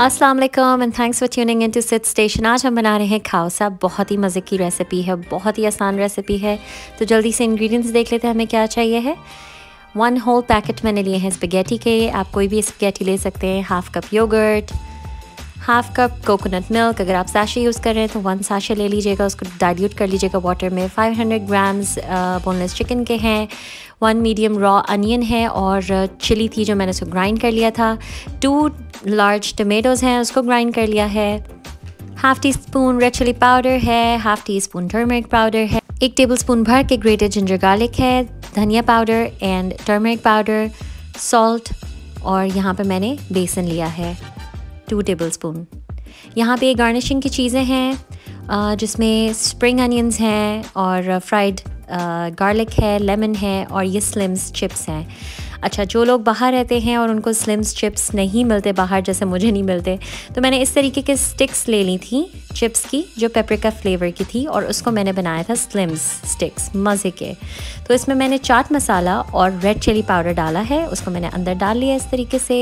Aslam and thanks for tuning in to सिथ station आज हम बना रहे हैं खाओसा बहुत ही मज़े की रेसिपी है बहुत ही आसान रेसिपी है तो जल्दी से इंग्रेडिएंट्स देख लेते हैं हमें क्या चाहिए है वन होल पैकेट मैंने लिए हैं स्पेगेटी के आप कोई भी स्पेगेटी ले सकते हैं half cup yoghurt half cup coconut milk अगर आप साशे यूज़ कर रहे हैं तो वन साशे ले लीजिएगा उसको डाइल्यूट कर लीजिएगा वाटर में 500 ग्राम्स बोनलेस चिकन के हैं वन मीडियम रॉ अनियन है और चिली थी जो मैंने उसको ग्राइंड कर लिया था टू लार्ज टमेटोज़ हैं उसको ग्राइंड कर लिया है half teaspoon red chilli powder है half teaspoon turmeric powder है एक टेबल स्पून भर के ग्रेटेड जिंजर गार्लिक है धनिया powder and turmeric powder salt और यहाँ पे मैंने बेसन लिया है टू टेबल स्पून यहाँ पर गार्निशिंग की चीज़ें हैं जिसमें स्प्रिंग अनियंस हैं और फ्राइड गार्लिक है लेमन है और ये स्लिम्स चिप्स हैं अच्छा जो लोग बाहर रहते हैं और उनको स्लिम्स चिप्स नहीं मिलते बाहर जैसे मुझे नहीं मिलते तो मैंने इस तरीके के स्टिक्स ले ली थी चिप्स की जो पेपरिका फ्लेवर की थी और उसको मैंने बनाया था स्लिम्स स्टिक्स मज़े के तो इसमें मैंने चाट मसाला और रेड चिली पाउडर डाला है उसको मैंने अंदर डाल लिया इस तरीके से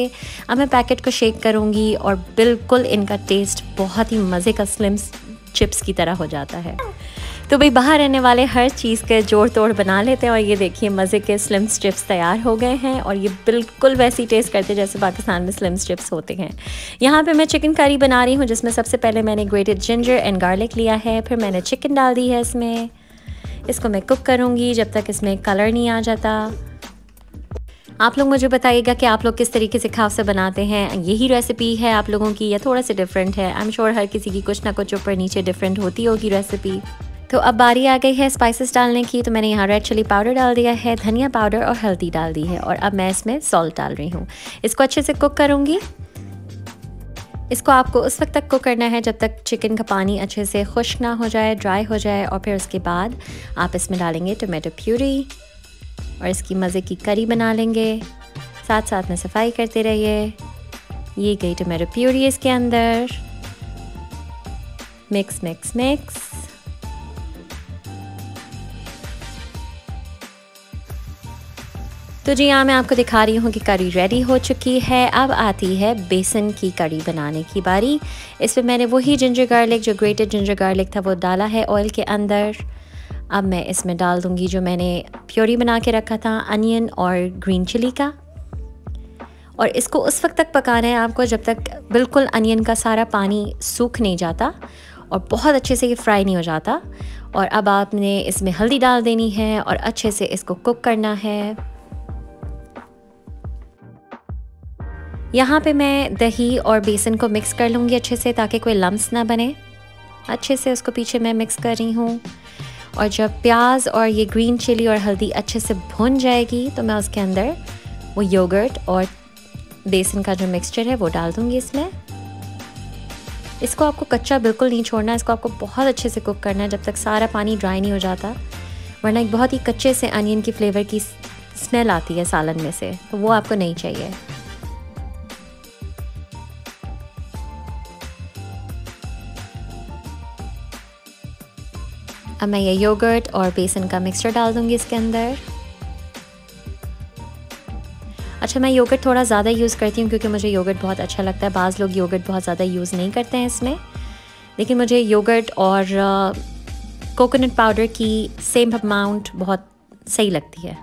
अब मैं पैकेट को शेक करूँगी और बिल्कुल इनका टेस्ट बहुत ही मज़े का स्लिम्स चिप्स की तरह हो जाता है तो भाई बाहर रहने वाले हर चीज़ के जोड़ तोड़ बना लेते हैं और ये देखिए मज़े के स्लिम स्ट्रिप्स तैयार हो गए हैं और ये बिल्कुल वैसी टेस्ट करते हैं जैसे पाकिस्तान में स्लिम स्ट्रिप्स होते हैं यहाँ पर मैं चिकन करी बना रही हूँ जिसमें सबसे पहले मैंने ग्रेटेड जिंजर एंड गार्लिक लिया है फिर मैंने चिकन डाल दी है इसमें इसको मैं कुक करूँगी जब तक इसमें कलर नहीं आ जाता आप लोग मुझे बताइएगा कि आप लोग किस तरीके से खाव से बनाते हैं यही रेसिपी है आप लोगों की या थोड़ा सा डिफरेंट है आई एम श्योर हर किसी की कुछ ना कुछ ऊपर नीचे डिफरेंट होती होगी रेसिपी तो अब बारी आ गई है स्पाइसेस डालने की तो मैंने यहाँ रेड चिली पाउडर डाल दिया है धनिया पाउडर और हल्दी डाल दी है और अब मैं इसमें सॉल्ट डाल रही हूँ इसको अच्छे से कुक करूँगी इसको आपको उस वक्त तक कुक करना है जब तक चिकन का पानी अच्छे से खुश्क ना हो जाए ड्राई हो जाए और फिर उसके बाद आप इसमें डालेंगे टोमेटो प्यूरी और इसकी मज़े की करी बना लेंगे साथ साथ में सफाई करते रहिए ये गई टोमेटो प्यूरी इसके अंदर मिक्स मिक्स मिक्स तो जी हाँ मैं आपको दिखा रही हूँ कि करी रेडी हो चुकी है अब आती है बेसन की करी बनाने की बारी इसमें मैंने वही जिंजर गार्लिक जो ग्रेटेड जिंजर गार्लिक था वो डाला है ऑयल के अंदर अब मैं इसमें डाल दूँगी जो मैंने प्योरी बना के रखा था अनियन और ग्रीन चिली का और इसको उस वक्त तक पकाना है आपको जब तक बिल्कुल अनियन का सारा पानी सूख नहीं जाता और बहुत अच्छे से ये फ्राई नहीं हो जाता और अब आपने इसमें हल्दी डाल देनी है और अच्छे से इसको कुक करना है यहाँ पे मैं दही और बेसन को मिक्स कर लूँगी अच्छे से ताकि कोई लम्स ना बने अच्छे से उसको पीछे मैं मिक्स कर रही हूँ और जब प्याज और ये ग्रीन चिली और हल्दी अच्छे से भुन जाएगी तो मैं उसके अंदर वो योगर्ट और बेसन का जो मिक्सचर है वो डाल दूँगी इसमें इसको आपको कच्चा बिल्कुल नहीं छोड़ना इसको आपको बहुत अच्छे से कुक करना है जब तक सारा पानी ड्राई नहीं हो जाता वरना एक बहुत ही कच्चे से अनियन की फ्लेवर की स्मेल आती है सालन में से तो वो आपको नहीं चाहिए अब मैं ये योगर्ट और बेसन का मिक्सचर डाल दूँगी इसके अंदर अच्छा मैं योगर्ट थोड़ा ज़्यादा यूज़ करती हूँ क्योंकि मुझे योगर्ट बहुत अच्छा लगता है बाज़ लोग योगर्ट बहुत ज़्यादा यूज़ नहीं करते हैं इसमें लेकिन मुझे योगर्ट और कोकोनट पाउडर की सेम अमाउंट बहुत सही लगती है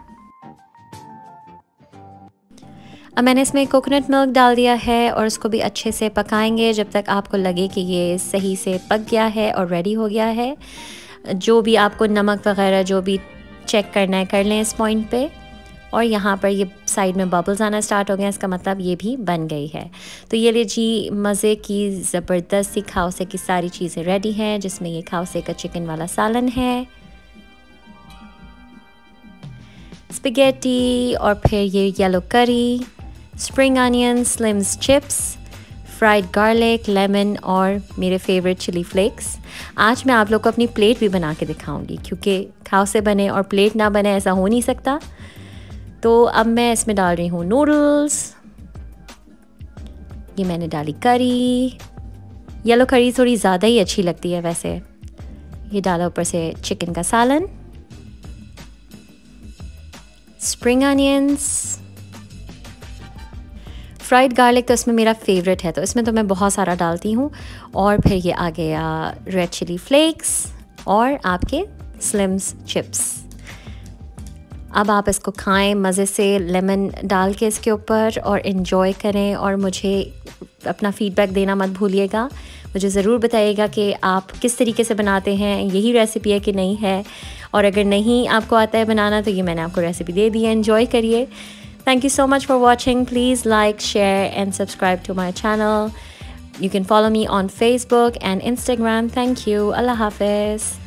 अब मैंने इसमें कोकोनट मिल्क डाल दिया है और उसको भी अच्छे से पकाएंगे जब तक आपको लगे कि ये सही से पक गया है और रेडी हो गया है जो भी आपको नमक वगैरह जो भी चेक करना है कर लें इस पॉइंट पे और यहाँ पर ये साइड में बबल्स आना स्टार्ट हो गए इसका मतलब ये भी बन गई है तो ये लीजिए मज़े की ज़बरदस्त सी खाउसे की सारी चीज़ें रेडी हैं जिसमें ये खाउसे का चिकन वाला सालन है स्पेगेटी और फिर ये yellow curry spring onion slims chips fried garlic lemon और मेरे फेवरेट चिली फ्लेक्स आज मैं आप लोग को अपनी प्लेट भी बना के दिखाऊंगी क्योंकि खाओ से बने और प्लेट ना बने ऐसा हो नहीं सकता तो अब मैं इसमें डाल रही हूँ नूडल्स ये मैंने डाली करी येलो करी थोड़ी ज़्यादा ही अच्छी लगती है वैसे ये डाला ऊपर से चिकन का सालन स्प्रिंग अनियंस फ्राइड गार्लिक तो इसमें मेरा फेवरेट है तो इसमें तो मैं बहुत सारा डालती हूँ और फिर ये आ गया रेड चिली फ्लेक्स और आपके स्लिम्स चिप्स अब आप इसको खाएं मज़े से लेमन डाल के इसके ऊपर और इन्जॉय करें और मुझे अपना फ़ीडबैक देना मत भूलिएगा मुझे ज़रूर बताइएगा कि आप किस तरीके से बनाते हैं यही रेसिपी है कि नहीं है और अगर नहीं आपको आता है बनाना तो ये मैंने आपको रेसिपी दे दी है इन्जॉय करिए Thank you so much for watching. Please like, share, and subscribe to my channel. You can follow me on Facebook and Instagram. Thank you. Allah Hafiz.